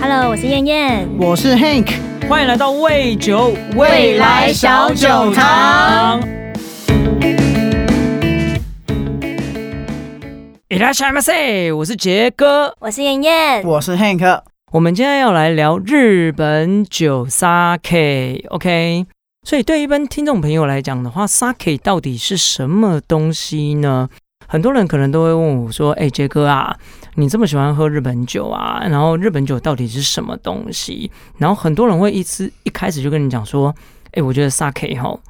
Hello，我是燕燕，我是 Hank，歡迎來到未酒未來小酒堂。Hello，我是傑哥，我是燕燕，我是 Hank，我們今天要來聊日本酒 Sake，OK？Okay？所以對一般聽眾朋友來講的話，Sake 到底是什麼東西呢？很多人可能都會問我說：“哎，傑哥啊，你這麼喜歡喝日本酒啊？然後日本酒到底是什麼東西？然後很多人會一次一開始就跟你講說：哎、欸，我覺得 sake 吼，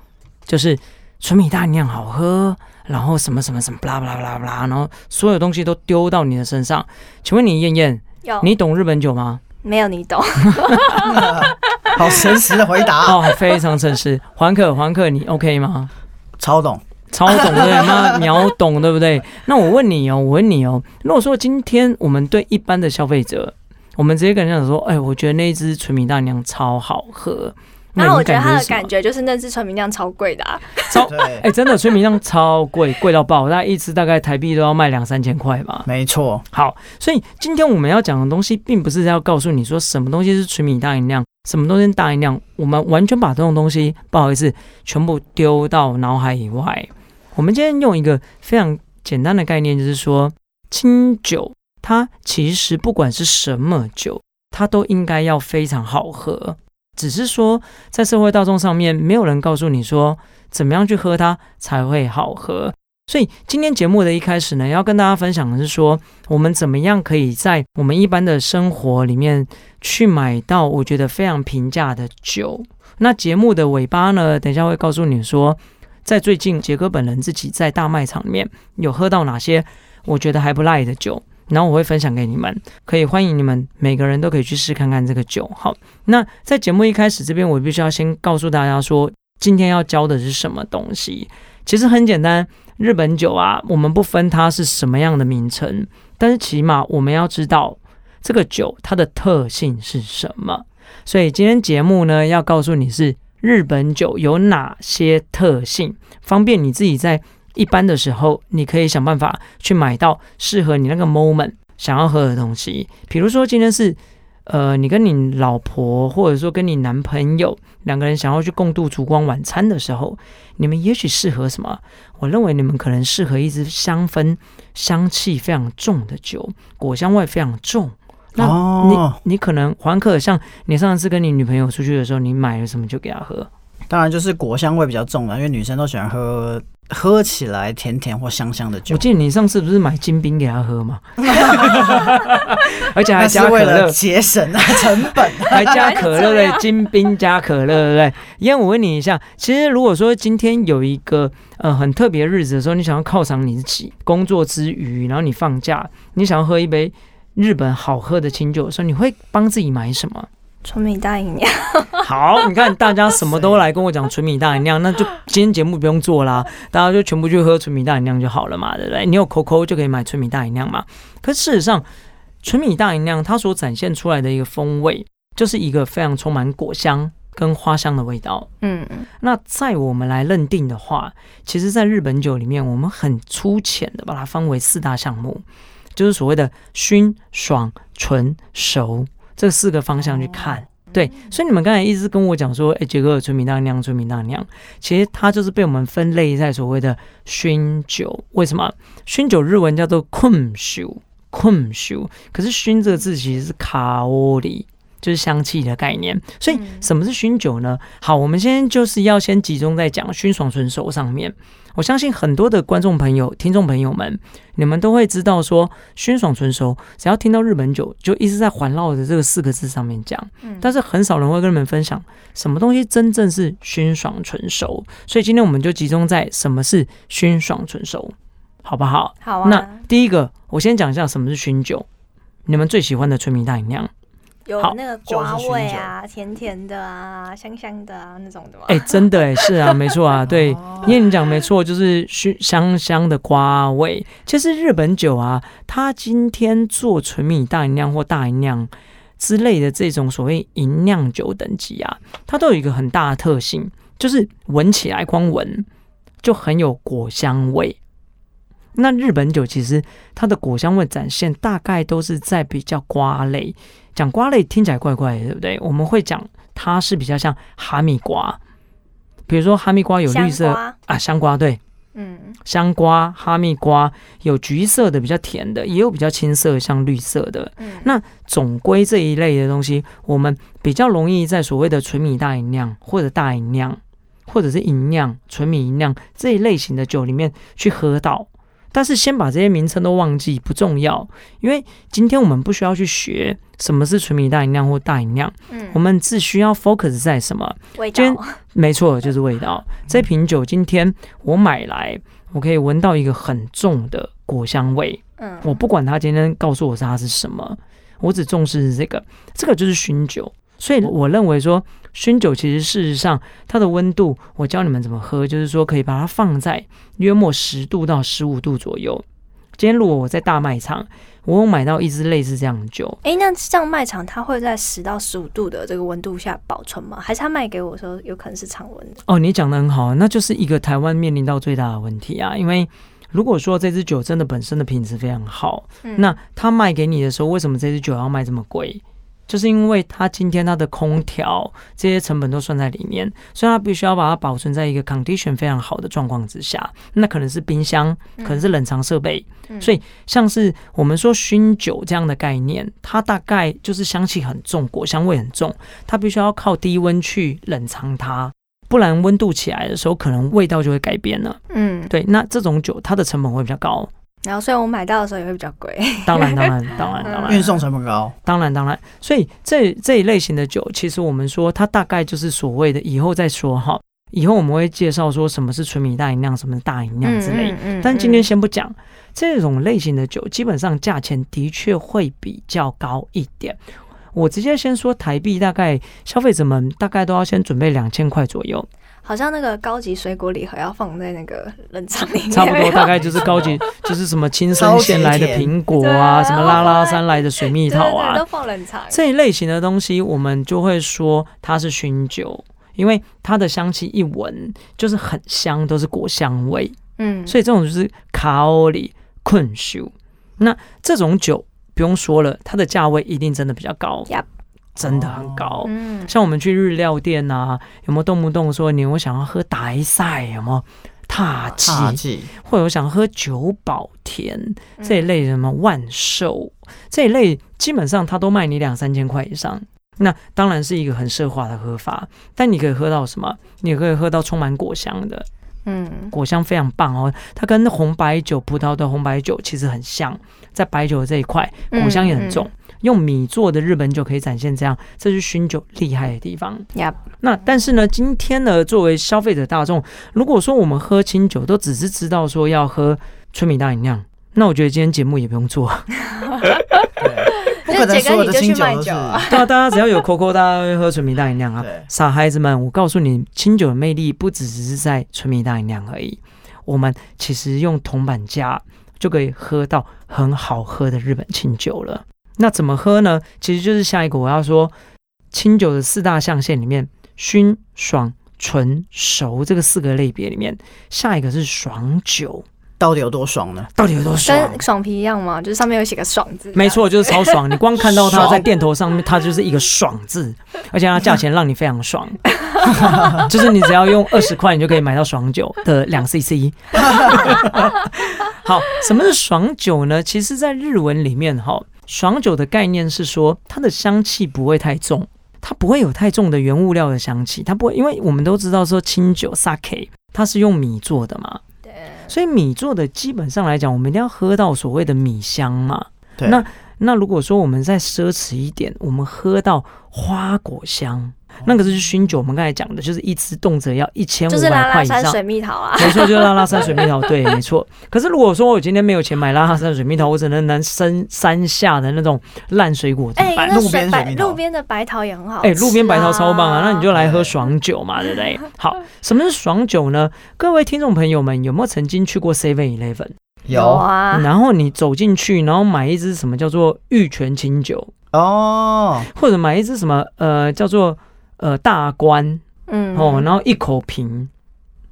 就是純米大釀好喝，然後什麼什麼什麼，blah blah blah blah，然後所有東西都丟到你的身上。請問你燕燕，你懂日本酒嗎？沒有，你懂？ 好誠實的回答哦，非常誠實。環可，環可，你 OK 嗎？超懂。超懂對，那秒懂對不對？ 那我問你哦，我問你哦，如果說今天我們對一般的消費者，我們直接跟人家說，哎，我覺得那一支純米大吟釀超好喝那你，那我覺得他的感覺就是那支純米釀超貴的、啊超，超哎真的純米釀超貴，貴到爆，大概一支大概台幣都要賣兩三千塊吧？沒錯。好，所以今天我們要講的東西，並不是要告訴你說什麼東西是純米大吟釀，什麼東西是大吟釀，我們完全把這種東西，不好意思，全部丟到腦海以外。我們今天用一個非常簡單的概念，就是說，清酒它其實不管是什麼酒，它都應該要非常好喝。只是說，在社會大眾上面，沒有人告訴你說，怎麼樣去喝它才會好喝。所以，今天節目的一開始呢，要跟大家分享的是說，我們怎麼樣可以在我們一般的生活裡面去買到我覺得非常平價的酒。那節目的尾巴呢，等一下會告訴你說。在最近，傑哥本人自己在大賣場裡面有喝到哪些我覺得還不賴的酒，然後我會分享給你們，可以歡迎你們，每個人都可以去試看看這個酒。好，那在節目一開始這邊，我必須要先告訴大家說，今天要教的是什麼東西。其實很簡單，日本酒啊，我們不分它是什麼樣的名稱，但是起碼我們要知道這個酒它的特性是什麼。所以今天節目呢，要告訴你是，日本酒有哪些特性？方便你自己在一般的時候，你可以想辦法去買到適合你那個 moment 想要喝的東西。比如說今天是，呃，你跟你老婆或者說跟你男朋友兩個人想要去共度燭光晚餐的時候，你們也許適合什麼？我認為你們可能適合一支香氛香氣非常重的酒，果香味非常重。哦，你你可能還可像你上次跟你女朋友出去的時候，你買了什麼就給她喝？當然就是果香味比較重的，因為女生都喜歡喝喝起來甜甜或香香的酒。我記得你上次不是買金冰給她喝嗎？ 而且還加可樂，節省啊成本，還加可樂，對，金冰加可樂，對不對？因為我問你一下，其實如果說今天有一個呃、嗯、很特別的日子的時候，你想要犒賞你自己，工作之餘，然後你放假，你想要喝一杯。日本好喝的清酒，所以你會幫自己買什麼？純米大吟釀。好，你看大家什麼都來跟我講純米大吟釀， 那就今天節目不用做啦，大家就全部去喝純米大吟釀就好了嘛，對不對？你有 COCO 就可以買純米大吟釀嘛。可事實上，純米大吟釀它所展現出來的一個風味，就是一個非常充滿果香跟花香的味道。嗯嗯。那在我們來認定的話，其實，在日本酒裡面，我們很粗淺的把它分為四大項目。就是所謂的薰、爽、醇、熟這四個方向去看，對。所以你們剛才一直跟我講說，哎、欸，這個村民那樣，村民那樣，其實它就是被我們分類在所謂的薰酒。為什麼薰酒日文叫做困酒？困酒。可是薰這個字其實是卡窩里。就是香氣的概念，所以什麼是薰酒呢？好，我們今天就是要先集中在講薰爽醇熟上面。我相信很多的觀眾朋友、聽眾朋友們，你們都會知道說，薰爽醇熟，只要聽到日本酒，就一直在環繞着這個四個字上面講。但是很少人會跟你們分享什麼東西真正是薰爽醇熟。所以今天我們就集中在什麼是薰爽醇熟，好不好？好啊。那第一個，我先講一下什麼是薰酒，你們最喜歡的純米大吟釀。有那個瓜味啊，甜甜的啊，香香的啊，那種的嗎？哎、欸，真的哎、欸，是啊，沒錯啊， 對，因為你講沒錯，就是香香的瓜味。其實日本酒啊，它今天做純米大吟釀或大吟釀之類的這種所謂吟釀酒等級啊，它都有一個很大的特性，就是聞起來光聞就很有果香味。那日本酒其實它的果香味展現大概都是在比較瓜類，講瓜類聽起來怪怪的，對不對？我們會講它是比較像哈密瓜，比如說哈密瓜有綠色啊，香瓜，對，嗯，香瓜、啊、香瓜，香瓜哈密瓜有橘色的比較甜的，也有比較青色像綠色的。那總歸這一類的東西，我們比較容易在所謂的純米大吟釀或者大吟釀或者是吟釀純米吟釀這一類型的酒裡面去喝到。但是先把這些名稱都忘記，不重要，因為今天我們不需要去學什麼是純米大吟釀或大吟釀。嗯，我們只需要 focus 在什麼？味道。沒錯，就是味道。這瓶酒今天我買來，我可以聞到一個很重的果香味。嗯，我不管他今天告訴我它是，是什麼，我只重視這個。這個就是薰酒，所以我，我認為說。薰酒其實事實上它的溫度，我教你們怎麼喝，就是說可以把它放在約莫十度到十五度左右。今天如果我在大賣場，我買到一支類似這樣的酒，哎，那這樣賣場，它會在十到十五度的這個溫度下保存嗎？還是他賣給我的時候有可能是常溫的？哦，你講得很好，那就是一個台灣面臨到最大的問題啊，因為如果說這支酒真的本身的品質非常好，嗯，那他賣給你的時候，為什麼這支酒要賣這麼貴？就是因為它今天它的空調這些成本都算在裡面，所以它必須要把它保存在一個 condition 非常好的狀況之下。那可能是冰箱，可能是冷藏設備。所以像是我們說薰酒這樣的概念，它大概就是香氣很重，果香味很重，它必須要靠低溫去冷藏它，不然溫度起來的時候，可能味道就會改變了。嗯，對。那這種酒它的成本會比較高。然後，雖然我們買到的時候也會比較貴，當然當然當然當然，運送成本高，當然當然。所以這這一類型的酒，其實我們說它大概就是所謂的以後再說哈，以後我們會介紹說什麼是純米大吟釀，什麼是大吟釀之類，但今天先不講。這種類型的酒，基本上價錢的確會比較高一點。我直接先說台幣，大概消費者們大概都要先準備兩千塊左右。好像那個高級水果禮盒要放在那個冷藏裡面，差不多大概就是高級，就是什麼青森縣來的蘋果啊，啊，什麼拉拉山來的水蜜桃啊，對對對，都放冷藏。這一類型的東西，我們就會說它是薰酒，因為它的香氣一聞就是很香，都是果香味。嗯，所以這種就是卡奧里困修。那這種酒不用說了，它的價位一定真的比較高。Yep. 真的很高，哦，嗯，像我們去日料店啊，有沒有動不動說你，我想要喝大賽，有沒有獺祭，或者我想喝久保田，嗯，這一類的什麼萬壽這一類，基本上它都賣你兩三千塊以上。那當然是一個很奢華的喝法，但你可以喝到什麼？你也可以喝到充滿果香的，嗯，果香非常棒哦。它跟紅白酒，葡萄的紅白酒其實很像，在白酒的這一塊，果香也很重。嗯嗯用米做的日本酒可以展現這樣，這是薰酒厲害的地方。Yep. 那但是呢，今天呢，作為消費者大眾，如果說我們喝清酒都只是知道說要喝純米大吟釀，那我覺得今天節目也不用做 不可能所有的清酒， 大家只要有 COCO，大家會喝純米大吟釀啊。傻孩子們，我告訴你，清酒的魅力不只是在純米大吟釀而已。我們其實用銅板價就可以喝到很好喝的日本清酒了。那怎麼喝呢？其實就是下一個我要說，清酒的四大象限裡面，薰、爽、醇、熟這個四個類別裡面，下一個是爽酒，到底有多爽呢？到底有多爽？跟爽啤一樣嘛，就是上面有寫個爽字子。沒錯，就是超爽。你光看到它在店頭上面，它就是一個爽字，而且它價錢讓你非常爽， 就是你只要用二十塊，你就可以買到爽酒的兩 c c。 好，什麼是爽酒呢？其實，在日文裡面，哈。爽酒的概念是說，它的香氣不會太重，它不會有太重的原物料的香氣，它不會，因為我們都知道說清酒 （sake） 它是用米做的嘛，對，所以米做的基本上來講，我們一定要喝到所謂的米香嘛。對。那那如果說我們再奢侈一點，我們喝到花果香。那可、個、是薰酒，我們剛才講的就是一支動輒要一千五百塊以上。就是拉拉山水蜜桃啊，沒錯，就是拉拉山水蜜桃、啊拉拉水蜜桃， 對，沒錯。可是如果說我今天沒有錢買拉拉山水蜜桃，我只能拿山山下的那種爛水果，哎、欸，路邊路邊的白桃也很好，啊，哎、欸，路邊白桃超棒啊，那你就來喝爽酒嘛，對不對，對？好，什麼是爽酒呢？各位聽眾朋友們，有沒有曾經去過 Seven Eleven？有啊，然後你走進去，然後買一支什麼叫做玉泉清酒哦，oh. 或者買一支什麼呃叫做。呃，大罐，嗯，哦，然後一口瓶，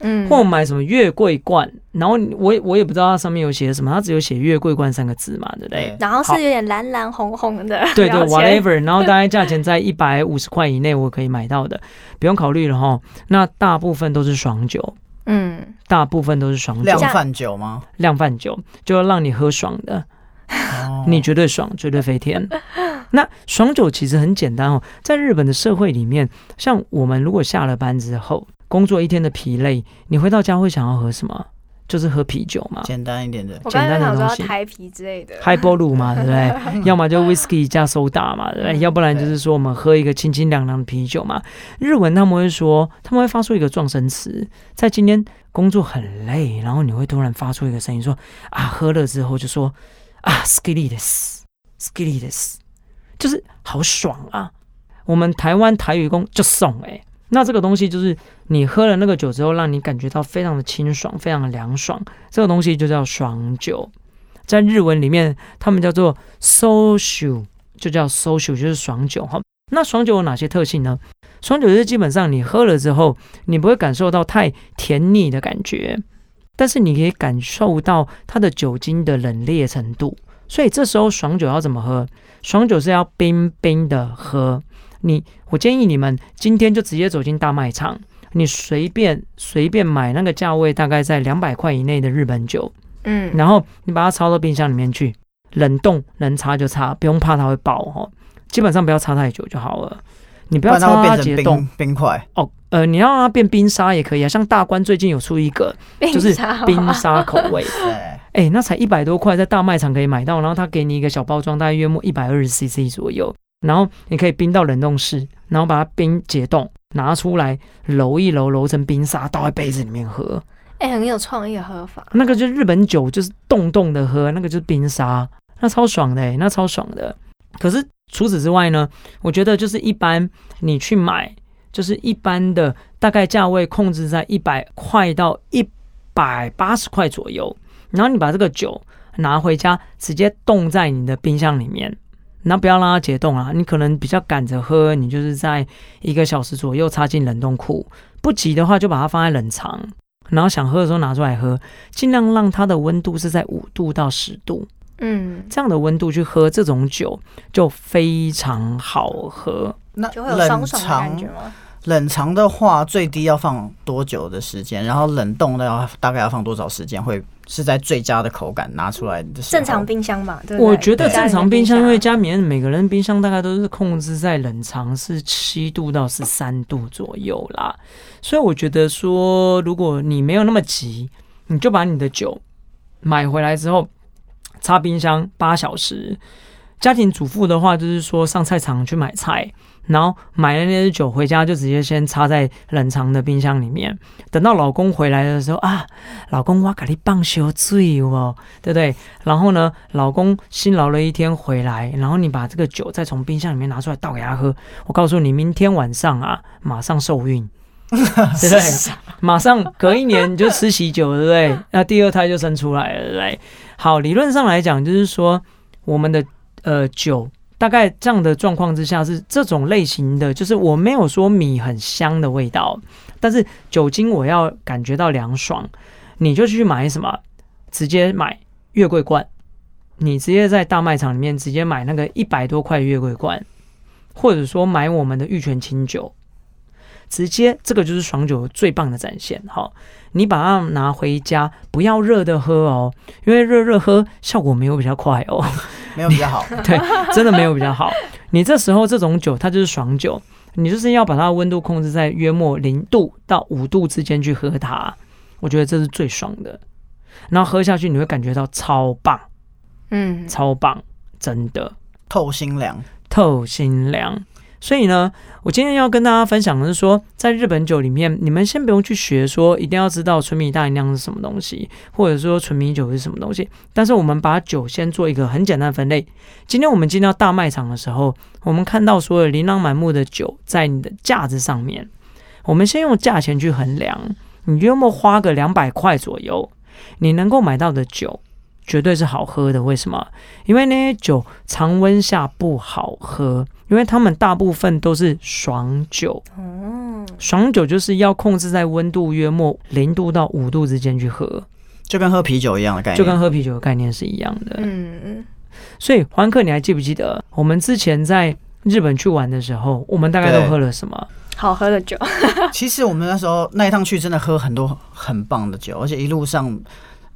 嗯，或買什麼月桂冠，然後我我也不知道它上面有寫什麼，它只有寫月桂冠三個字嘛，對不對？然後是有點藍藍紅紅的，對對，對 ，whatever。然後大概價錢在一百五十塊以內，我可以買到的， 不用考慮了哈。那大部分都是爽酒，嗯，大部分都是爽酒，量販酒嗎？量販酒，就要讓你喝爽的，哦、你絕對爽，絕對飛天。那爽酒其實很簡單哦，在日本的社會裡面，像我們如果下了班之後，工作一天的疲累，你回到家會想要喝什麼？就是喝啤酒嘛，簡單一點的，簡單的東西，台啤之類的，Highball 嘛，對不對？ 要麼就 Whiskey 加蘇打嘛，對不對？ 要不然就是說我們喝一個清清涼涼的啤酒嘛。日文他們會說，他們會發出一個狀聲詞，在今天工作很累，然後你會突然發出一個聲音說啊，喝了之後就說啊，スッキリです，スッキリです。就是好爽啊！我們台灣台語講就爽哎、欸。那這個東西就是你喝了那個酒之後，讓你感覺到非常的清爽，非常的涼爽。這個東西就叫爽酒，在日文裡面他們叫做 soushu 就叫 soushu 就是爽酒哈。那爽酒有哪些特性呢？爽酒就是基本上你喝了之後，你不會感受到太甜膩的感覺，但是你可以感受到它的酒精的冷冽程度。所以這時候爽酒要怎麼喝？爽酒是要冰冰的喝，你我建議你們今天就直接走進大賣場，你隨便隨便買那個價位大概在兩百塊以內的日本酒，嗯，然後你把它插到冰箱裡面去，冷凍能插就插，不用怕它會爆哈、哦，基本上不要插太久就好了，你不要它會變成冰冰塊哦。呃，你要讓它變冰沙也可以啊，像大關最近有出一個，就是冰沙口味，哎、啊 欸，那才一百多塊，在大賣場可以買到。然後它給你一個小包裝，大約莫一百二十 CC 左右。然後你可以冰到冷凍室，然後把它冰、解凍，拿出來揉一揉，揉成冰沙，倒在杯子裡面喝。哎、欸，很有創意的喝法。那個就是日本酒，就是凍凍的喝，那個就是冰沙，那超爽的、欸，那超爽的。可是除此之外呢，我覺得就是一般你去買。就是一般的大概價位控制在一百塊到一百八十塊左右，然後你把這個酒拿回家，直接凍在你的冰箱裡面，那不要讓它解凍啊。你可能比較趕着喝，你就是在一個小時左右插進冷凍庫；不急的話，就把它放在冷藏，然後想喝的時候拿出來喝，盡量讓它的溫度是在五度到十度，嗯，這樣的溫度去喝這種酒就非常好喝。那就會有冰爽的感覺嗎？冷藏的話，最低要放多久的時間？然後冷凍的要大概要放多少時間？會是在最佳的口感拿出來？正常冰箱嘛？對對對，我覺得正常冰箱，因為家裡面每個人冰箱大概都是控制在冷藏是七度到十三度左右啦。所以我覺得說，如果你沒有那麼急，你就把你的酒買回來之後，插冰箱八小時。家庭主婦的話，就是說上菜場去買菜。然後買了那些酒回家，就直接先插在冷藏的冰箱裡面，等到老公回來的時候啊，老公我咖喱棒修醉哦，對不對？然後呢，老公辛勞了一天回來，然後你把這個酒再從冰箱裡面拿出來倒給他喝，我告訴你，明天晚上啊，馬上受孕，對不對？馬上隔一年你就吃喜酒，對不對？那第二胎就生出來了，對不對？好，理論上來講，就是說我們的呃酒。大概這樣的狀況之下是這種類型的，就是我沒有說米很香的味道，但是酒精我要感覺到涼爽，你就去買什麼？直接買月桂冠，你直接在大賣場裡面直接買那個一百多塊月桂冠，或者說買我們的玉泉清酒，直接這個就是爽酒最棒的展現。好，你把它拿回家，不要熱的喝哦，因為熱熱喝效果沒有比較快哦。沒有比較好，對，真的沒有比較好。你這時候這種酒，它就是爽酒，你就是要把它的溫度控制在約莫零度到五度之間去喝它，我覺得這是最爽的。然後喝下去你會感覺到超棒，嗯，超棒，真的透心涼，透心涼。所以呢，我今天要跟大家分享的是說，在日本酒裡面，你們先不用去學說一定要知道純米大吟釀是什麼東西，或者說純米酒是什麼東西。但是我們把酒先做一個很簡單的分類。今天我們進到大賣場的時候，我們看到所有琳琅滿目的酒在你的架子上面，我們先用價錢去衡量，你約莫花個兩百塊左右，你能夠買到的酒。絕對是好喝的，為什麼？因為那些酒常溫下不好喝，因為他們大部分都是爽酒。嗯，爽酒就是要控制在溫度約莫零度到五度之間去喝，就跟喝啤酒一樣的概念，就跟喝啤酒的概念是一樣的。嗯嗯，所以歡客，你還記不記得我們之前在日本去玩的時候，我們大概都喝了什麼好喝的酒？ 其實我們那時候那一趟去真的喝很多很棒的酒，而且一路上。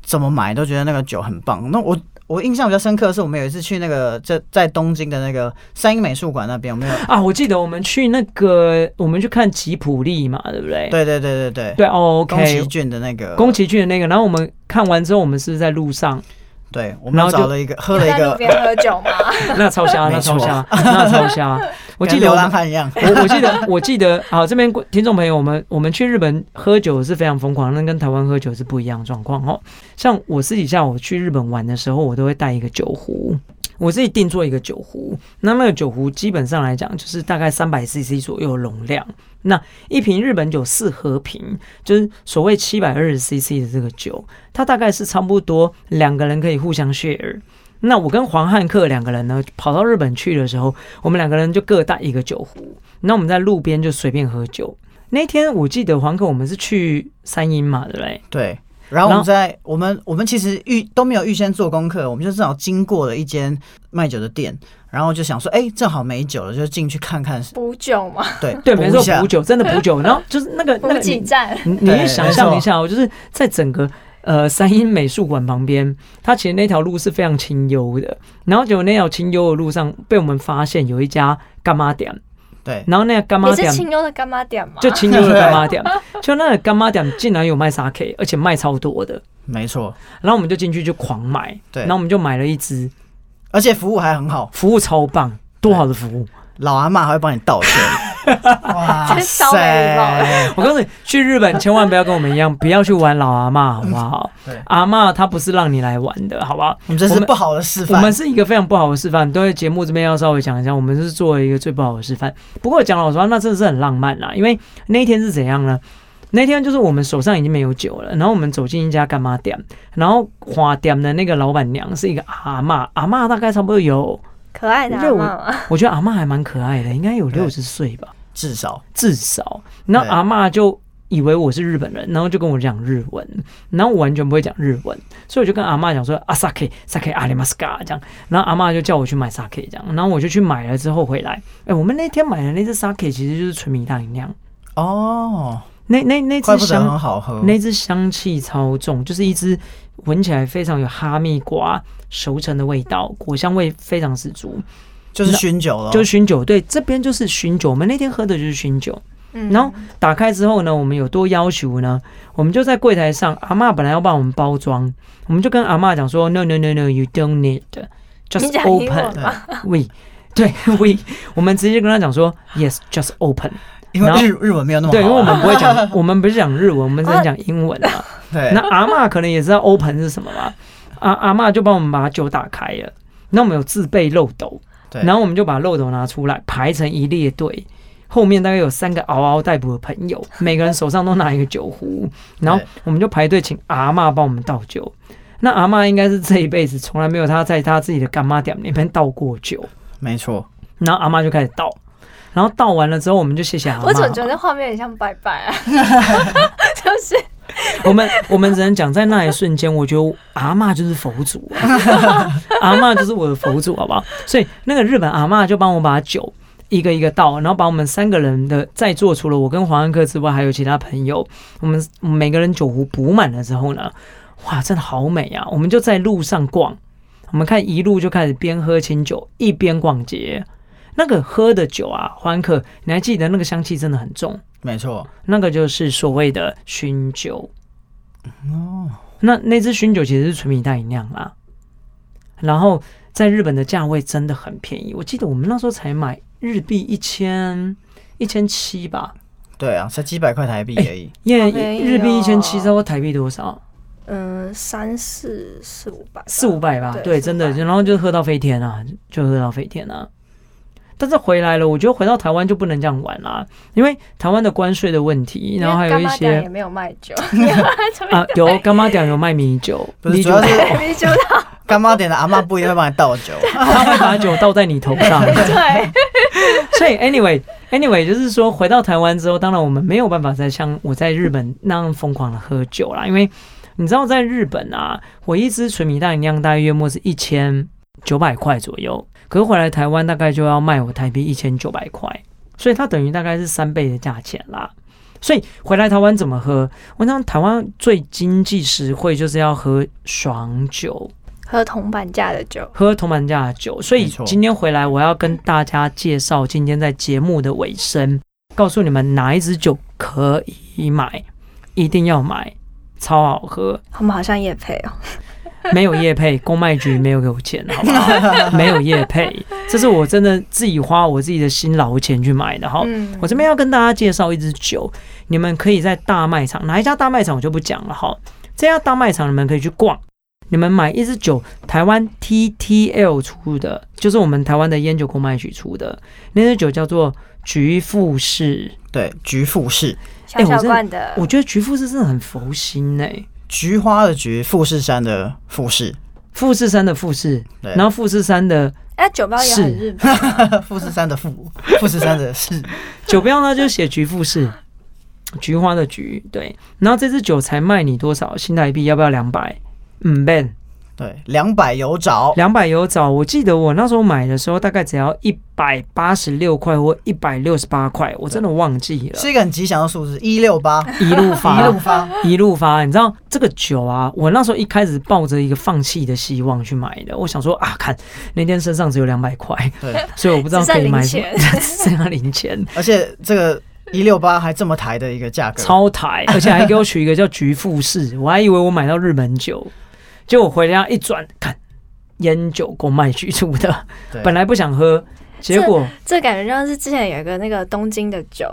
怎麼買都覺得那個酒很棒。那我我印象比較深刻的是，我們有一次去那個在在東京的那個三鷹美術館那邊，我們有啊？我記得我們去那個，我們去看吉普力嘛，對不對？對對對對對。對對 o 宮崎駿的那個，宮崎駿的那個。然後我們看完之後，我們是，不是在路上。對，我們然後找了一個，喝了一個。你在那邊喝酒嗎？ 那超香，那超香 那超臭香蝦 我記得我， 我記得，我記得。好，這邊聽眾朋友，我們我們去日本喝酒是非常瘋狂，那跟台灣喝酒是不一樣的狀況哦。像我私底下我去日本玩的時候，我都會帶一個酒壺。我自己定做一個酒壺，那那個酒壺基本上來講，就是大概三百 CC 左右容量。那一瓶日本酒四合瓶，就是所謂七百二十 CC 的這個酒，它大概是差不多兩個人可以互相 share。那我跟黃漢克兩個人呢，跑到日本去的時候，我們兩個人就各帶一個酒壺，那我們在路邊就隨便喝酒。那天我記得黃克，我們是去三鷹嘛，對不對？對。然後我們在我們我們其實預都沒有預先做功課，我們就正好經過了一間賣酒的店，然後就想說，哎，正好沒酒了，就進去看看。補酒嘛。對對，沒錯，補酒真的補酒。然後就是那個補 給站，你想象一下，我就是在整個呃三鷹美術館旁邊，它其實那條路是非常清幽的，然後結果那條清幽的路上被我們發現有一家乾媽店。對，然後那個柑仔店，清幽的柑仔店嘛，就清幽的乾媽店，就那個柑仔店竟然有賣 sake，而且賣超多的，沒錯。然後我們就進去就狂買，對，然後我們就買了一支，而且服務還很好，服務超棒，多好的服務，老阿嬤還會幫你倒水。哇塞！我告訴你，去日本千萬不要跟我們一樣，不要去玩老阿媽，好不好？ 阿媽她不是讓你來玩的，好不好？我們這是不好的示範。我們是一個非常不好的示範，對節目這邊要稍微講一下。我們是做了一個最不好的示範。不過講老實話，那真的是很浪漫啦，因為那一天是怎樣呢？那天就是我們手上已經沒有酒了，然後我們走進一家干媽店，然後花店的那個老板娘是一個阿媽，阿媽大概差不多有可愛的阿媽，我覺，我， 我覺得阿媽還蠻可愛的，應該有六十歲吧。至少至少，然後阿媽就以為我是日本人，然後就跟我講日文，然後我完全不會講日文，所以我就跟阿媽講說阿薩克薩克阿里馬斯卡這樣，然後阿媽就叫我去買薩克這樣，然後我就去買了之後回來，哎、欸，我們那天買的那支薩克其實就是純米大吟釀哦、oh,，那那那支香很好喝，那支香氣超重，就是一支聞起來非常有哈密瓜熟成的味道，果香味非常十足。就是薰酒了，就是薰酒。對，這邊就是薰酒。我們那天喝的就是薰酒。嗯，然後打開之後呢，我們有多要求呢？我們就在櫃檯上，阿嬤本來要幫我們包裝，我們就跟阿嬤講說：“No, no, no, no, you don't need, just open.” We 對，we 我們直接跟他講說：“Yes, just open.” 然後因為日日文沒有那麼好對，因為我們不會講， 我們不是講日文，我們在講英文啊。對， 那阿嬤可能也知道 open 是什麼吧？啊、阿阿嬤就幫我們把酒打開了。那我們有自備漏斗。然後我們就把漏斗拿出來，排成一列隊，後面大概有三個嗷嗷待哺的朋友，每個人手上都拿一個酒壺，然後我們就排隊請阿媽幫我們倒酒。那阿媽應該是這一輩子從來沒有她在她自己的柑仔店那邊倒過酒，沒錯。然後阿媽就開始倒，然後倒完了之後我們就謝謝阿媽。我總覺得畫面很像拜拜啊 就是。我們我們只能講，在那一瞬間，我覺得阿嬤就是佛祖、啊、 阿嬤就是我的佛祖，好不好？所以那個日本阿嬤就幫我把酒一個一個倒，然後把我們三個人的在座，除了我跟黃安克之外，還有其他朋友，我們每個人酒壺補滿了之後呢，哇，真的好美啊！我們就在路上逛，我們看一路就開始邊喝清酒一邊逛街，那個喝的酒啊，黃安克，你還記得那個香氣真的很重，沒錯，那個就是所謂的薰酒。哦、no.，那那支薰酒其實是純米大吟釀啦，然後在日本的價位真的很便宜，我記得我們那時候才買日幣一千一千七吧，對啊，才幾百塊台幣而已。因、欸、為、yeah, okay, 日幣一千七，差不多台幣多少？呃，三四四五百，四五百吧。對，對真的，然後就喝到飛天啊，就喝到飛天啊。.但是回來了，我覺得回到台灣就不能這樣玩啦，啊，因為台灣的關稅的問題，然後還有一些也沒有賣酒 啊，有乾媽店有賣米酒，主要是你酒到米酒，乾 媽店的阿媽不一定會幫你倒酒，對對對，他會把酒倒在你頭上。對，對， 所以 anyway anyway 就是說回到台灣之後，當然我們沒有辦法再像我在日本那樣瘋狂的喝酒啦，因為你知道在日本啊，我一支純米大吟釀大約約莫是一千九百塊左右。隔回來台灣大概就要賣我台幣一千九百塊，所以它等於大概是三倍的價錢啦。所以回來台灣怎麼喝？我想台灣最經濟實惠就是要喝爽酒，喝銅板價的酒，喝銅板價的酒。所以今天回來我要跟大家介紹，今天在節目的尾聲，告訴你們哪一支酒可以買，一定要買，超好喝。我們好像也配哦。沒有業配，公賣局沒有給我錢，好不好？ 沒有業配，這是我真的自己花我自己的辛勞錢去買的哈、嗯。我這邊要跟大家介紹一支酒，你們可以在大賣場，哪一家大賣場，我就不講了哈。這家大賣場你們可以去逛，你們買一支酒，台灣 TTL 出的，就是我們台灣的菸酒公賣局出的，那支酒叫做橘富士，對，橘富士，小小罐的，欸，的，我覺得橘富士真的很佛心呢、欸。菊花的菊，富士山的富士，富士山的富士，然後富士山的哎，酒標、啊、也是、啊， 富士山的富，富士山的士酒 標呢就寫菊富士，菊花的菊，對，然後這支酒才賣你多少新台幣？要不要兩百？嗯，ben。對，兩百有找，兩百有找。我記得我那時候買的時候，大概只要一百八十六塊或一百六十八塊，我真的忘記了。是一個很吉祥的數字，一六八一路發一路發，一路發，一路發，一路發。你知道這個酒啊，我那時候一開始抱着一個放棄的希望去買的，我想說啊，看那天身上只有兩百塊，所以我不知道可以買什麼。零錢， 零錢，而且這個一六八還這麼抬的一個價格，超抬，而且還給我取一個叫菊富士， 我還以為我買到日本酒。就我回家一轉看，菸酒公賣局出的，本來不想喝，結果這，這感覺就像是之前有一個那個東京的酒，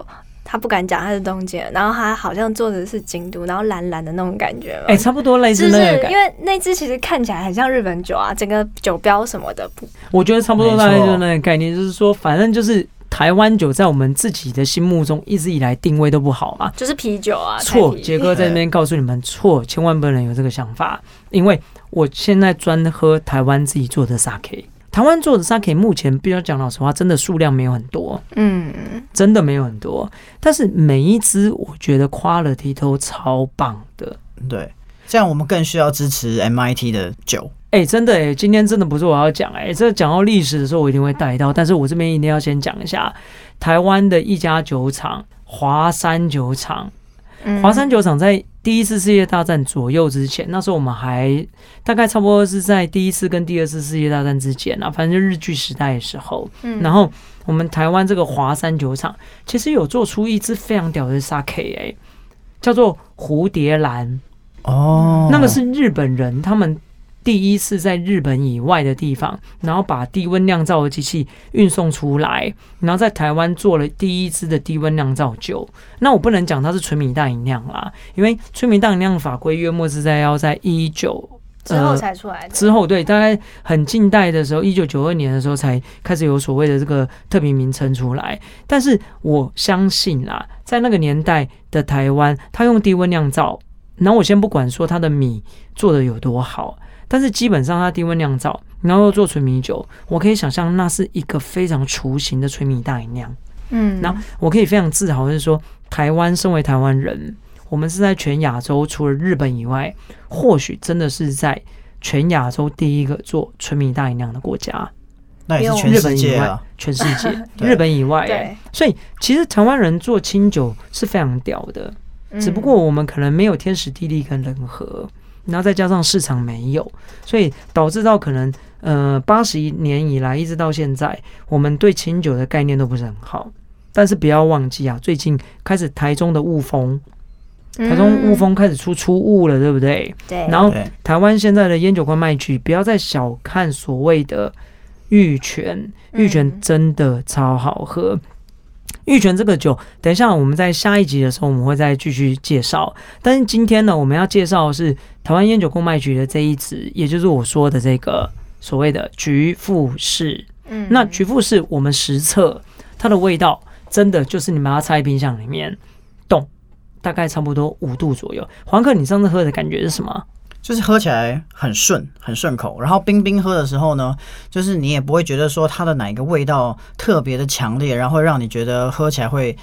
他不敢講他是東京，然後他好像做的是京都，然後藍藍的那種感覺嘛，哎、欸，差不多類似，那個。是不是？因為那只其實看起來很像日本酒啊，整個酒標什麼的不，我覺得差不多，大概就那個概念就是說，反正就是。台灣酒在我們自己的心目中一直以來定位都不好嘛、啊，就是啤酒啊。錯，杰哥在那邊告訴你們錯，千萬不能有這個想法。嗯、因為我現在專喝台灣自己做的 Sake，台灣做的 Sake 目前，必須要講老實話，真的數量沒有很多，嗯，真的沒有很多。但是每一支我覺得 quality 都超棒的，對。這樣我們更需要支持 MIT 的酒。哎、欸，真的哎、欸，今天真的不是我要講哎，這講到歷史的時候我一定會帶到，但是我這邊一定要先講一下台灣的一家酒廠華山酒廠。華山酒廠在第一次世界大戰左右之前，那時候我們還大概差不多是在第一次跟第二次世界大戰之前啊，反正日據時代的時候，然後我們台灣這個華山酒廠其實有做出一支非常屌的 Sake 哎，叫做蝴蝶蘭哦，那個是日本人他們。第一次在日本以外的地方，然後把低溫釀造的機器運送出來，然後在台灣做了第一支的低溫釀造酒。那我不能講它是純米大吟釀啦，因為純米大吟釀法規約莫是在要在一九、呃、之後才出來，之後對，大概很近代的時候，一九九二年的時候才開始有所謂的這個特別名稱出來。但是我相信啦，在那個年代的台灣，他用低溫釀造，那我先不管說他的米做的有多好。但是基本上，它的低溫釀造，然後又做純米酒，我可以想象那是一個非常雛形的純米大吟釀。嗯，那我可以非常自豪就是說，台灣身為台灣人，我們是在全亞洲除了日本以外，或許真的是在全亞洲第一個做純米大吟釀的國家。那也是全世界、啊、日本以外，全世界 日本以外、欸，對，所以其實台灣人做清酒是非常屌的，只不過我們可能沒有天時地利跟人和。然後再加上市場沒有，所以導致到可能呃八十年以來一直到現在，我們對清酒的概念都不是很好。但是不要忘記啊，最近開始台中的霧峰，台中霧峰開始出初霧了，嗯、對不對？對。然後台灣現在的菸酒專賣局，不要再小看所謂的玉泉，玉泉真的超好喝。玉泉這個酒，等一下我們在下一集的時候，我們會再繼續介紹。但是今天呢，我們要介紹的是台灣菸酒公賣局的這一支，也就是我說的這個所謂的“局富士”。嗯，那“局富士”我們實測它的味道，真的就是你把它插冰箱裡面凍，大概差不多五度左右。黃哥，你上次喝的感覺是什麼？就是喝起來很順，很順口。然後冰冰喝的時候呢，就是你也不會覺得說它的哪一個味道特別的強烈，然後讓你覺得喝起來會、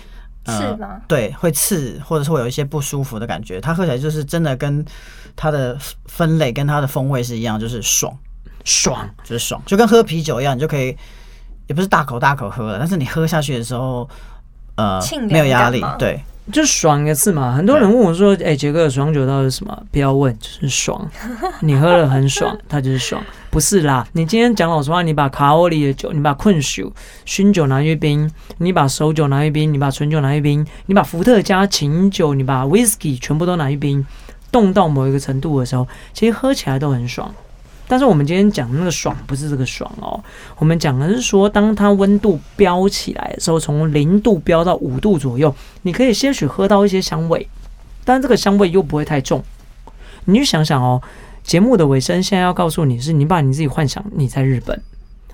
呃、刺嗎？對，會刺，或者說有一些不舒服的感覺。它喝起來就是真的跟它的分類跟它的風味是一樣，就是爽爽，就是爽，就跟喝啤酒一樣，你就可以也不是大口大口喝了，但是你喝下去的時候，呃，沒有壓力，對。就爽一次嘛！很多人問我說：“哎、欸，傑哥，爽酒到底是什麼？”不要問，就是爽。你喝了很爽，它就是爽。不是啦，你今天講老實話，你把卡歐裡的酒，你把困酒、薰酒拿去冰，你把熟酒拿去冰，你把醇酒拿去冰，你把伏特加、琴酒，你把 whisky 全部都拿去冰，凍到某一個程度的時候，其實喝起來都很爽。但是我們今天講的那個爽不是這個爽哦，我們講的是說，當它溫度飆起來的時候，從零度飆到五度左右，你可以些許喝到一些香味，但這個香味又不會太重。你去想想哦，節目的尾聲現在要告訴你是你把你自己幻想你在日本，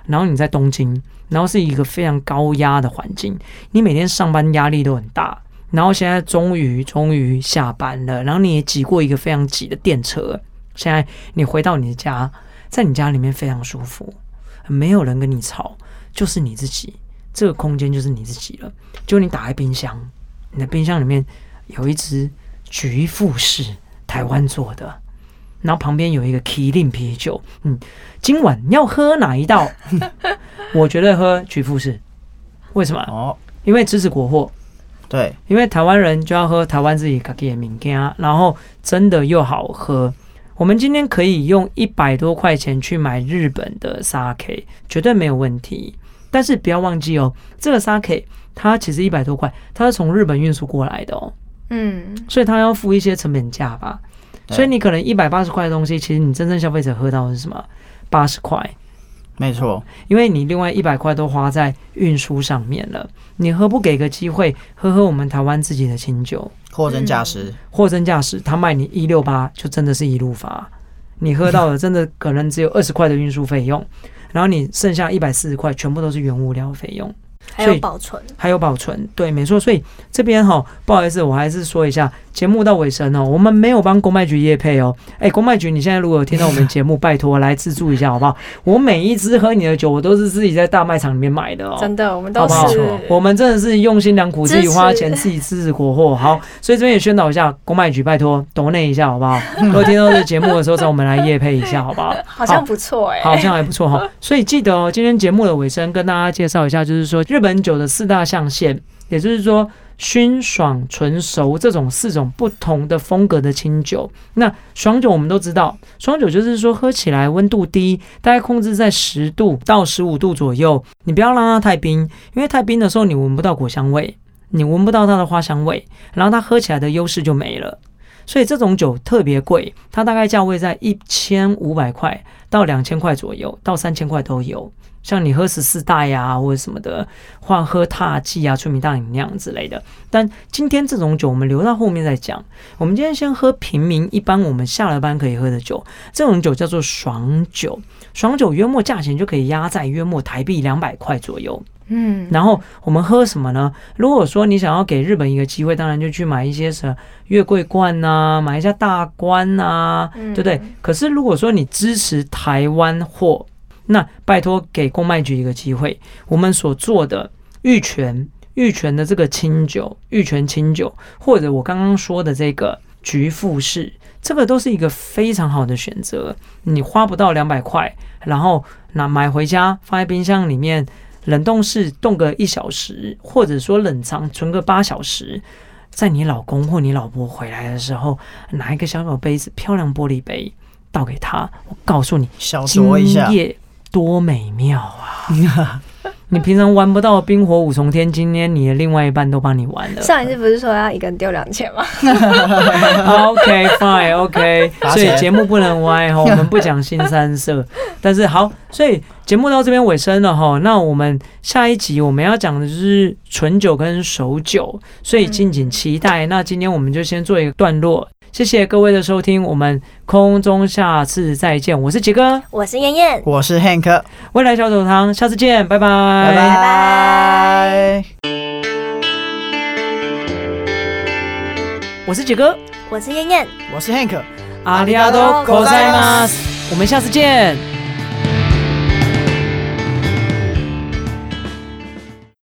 然後你在東京，然後是一個非常高壓的環境，你每天上班壓力都很大，然後現在終於終於下班了，然後你也擠過一個非常擠的電車，現在你回到你的家。在你家裡面非常舒服，沒有人跟你吵，就是你自己，這個空間就是你自己了。就你打開冰箱，你的冰箱裡面有一支菊富士，台灣做的，然後旁邊有一個麒麟啤酒。嗯，今晚你要喝哪一道？ 我覺得喝菊富士，為什麼？哦，Oh，因為支持國貨。對，因為台灣人就要喝台灣自己自己的物件，然後真的又好喝。我們今天可以用一百多塊錢去買日本的 Sake，絕對沒有問題。但是不要忘記哦，這個 Sake 它其實一百多塊，它是從日本運輸過來的哦。嗯，所以它要付一些成本價吧？所以你可能一百八十塊的東西，其實你真正消費者喝到的是什麼？八十塊？沒錯，因為你另外一百塊都花在運輸上面了。你何不給個機會喝喝我們台灣自己的清酒？嗯、貨真價實，嗯、貨真價實，他賣你一六八，就真的是一路發。你喝到了，真的可能只有二十塊的運輸費用， 然後你剩下一百四十塊，全部都是原物料費用。還有保存，還有保存，對，沒錯。所以這邊哈，不好意思，我還是說一下，節目到尾聲哦，我們沒有幫公賣局業配哦、喔。哎、欸，公賣局，你現在如果有聽到我們節目， 拜托來資助一下好不好？我每一支喝你的酒，我都是自己在大賣場裡面買的哦、喔。真的，我們都是好不好。不，我們真的是用心良苦，自己花錢，自己支持國貨。好，所以這邊也宣導一下， 公賣局拜託，拜托多內一下好不好？如果聽到這個節目的時候，找 我們來業配一下好不好？好像不錯哎、欸，好像還不錯哈。所以記得哦、喔，今天節目的尾聲跟大家介紹一下，就是說日本酒的四大象限，也就是說，薰爽、醇熟這種四種不同的風格的清酒。那爽酒我們都知道，爽酒就是說喝起來溫度低，大概控制在十度到十五度左右。你不要讓它太冰，因為太冰的時候你聞不到果香味，你聞不到它的花香味，然後它喝起來的優勢就沒了。所以這種酒特別貴，它大概價位在一千五百塊到兩千塊左右，到三千塊都有。像你喝十四代呀，或者什麼的話，或喝獺祭啊，純米大吟釀之類的。但今天這種酒我們留到後面再講。我們今天先喝平民，一般我們下了班可以喝的酒，這種酒叫做爽酒。爽酒約莫價錢就可以壓在約莫台幣兩百塊左右。嗯， 然後我們喝什麼呢？如果說你想要給日本一個機會，當然就去買一些什麼月桂冠啊、買一些大關啊。對不對？ 可是如果說你支持台灣貨，那拜托給公賣局一個機會。我們所做的玉泉玉泉的這個清酒，玉泉清酒，或者我剛剛說的這個橘富士，這個都是一個非常好的選擇。你花不到兩百塊，然後拿買回家放在冰箱裡面。冷凍室凍個一小時，或者說冷藏存個八小時，在你老公或你老婆回來的時候，拿一個小小杯子，漂亮玻璃杯倒給他。我告訴你，小說一下，今夜多美妙啊！ 你平常玩不到冰火五重天，今天你的另外一半都幫你玩了。上一次不是說要一個人丟兩千嗎 ？OK，fine，OK、okay, okay.。所以節目不能歪哈，我們不講新三色。 但是好，所以節目到這邊尾聲了哈。那我們下一集我們要講的就是醇酒跟熟酒，所以敬請期待、嗯。那今天我們就先做一個段落。謝謝各位的收聽，我們空中下次再見。我是傑哥，我是燕燕，我是 Hank，未來小酒堂下次見，拜拜、拜拜、拜。我是傑哥，我是燕燕，我是 Hank，阿里阿多科塞馬斯，我們下次見。